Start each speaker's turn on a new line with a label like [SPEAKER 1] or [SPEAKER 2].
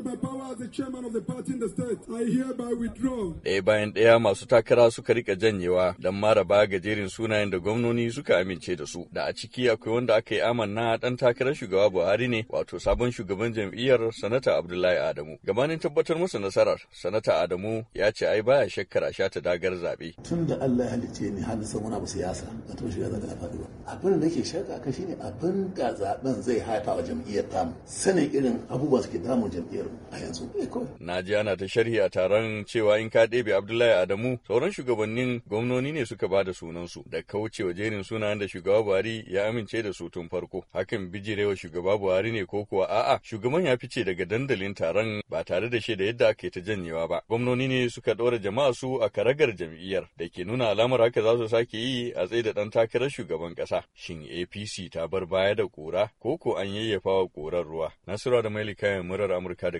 [SPEAKER 1] Ɗaya
[SPEAKER 2] bayan ɗaya masu takara suka rika janyewa don maraba ga jerin sunayen da gwamnoni suka amince da su. Da a ciki akwai wanda aka yi amanna ɗan takarar shugaba Buhari ne wato sabon shugaban jam'iyyar Sanata Abdullahi Adamu. Gabanin tabbatar masa nasarar, Sanata Adamu ya ce ai baya shakkar a shata dagar zaɓe.
[SPEAKER 1] Tun da Allah ya halicce ni har san wani abu siyasa, na tun shiga na faɗi ba. Abin da nake a
[SPEAKER 3] ka ne abin da zaɓen zai haifa wa jam'iyyar tamu. Sanin irin abubuwa suke damun jam'iyyar a yanzu
[SPEAKER 2] na ta sharhi a taron cewa in ka ɗebe abdullahi adamu sauran shugabannin gwamnoni ne suka bada sunansu da kaucewa jerin sunayen da shugaba buhari ya amince da su tun farko hakan bijirewa shugaba buhari ne ko kuwa a'a shugaban ya fice daga dandalin taron ba tare da shaida yadda ake ta janyewa ba gwamnoni ne suka ɗora jama'a su a karagar jam'iyyar da ke nuna alamar haka za su sake yi a tsaye da ɗan takarar shugaban ƙasa shin apc ta bar baya da ƙura ko ko an yayyafa wa ƙurar ruwa nasura da mailika murar amurka da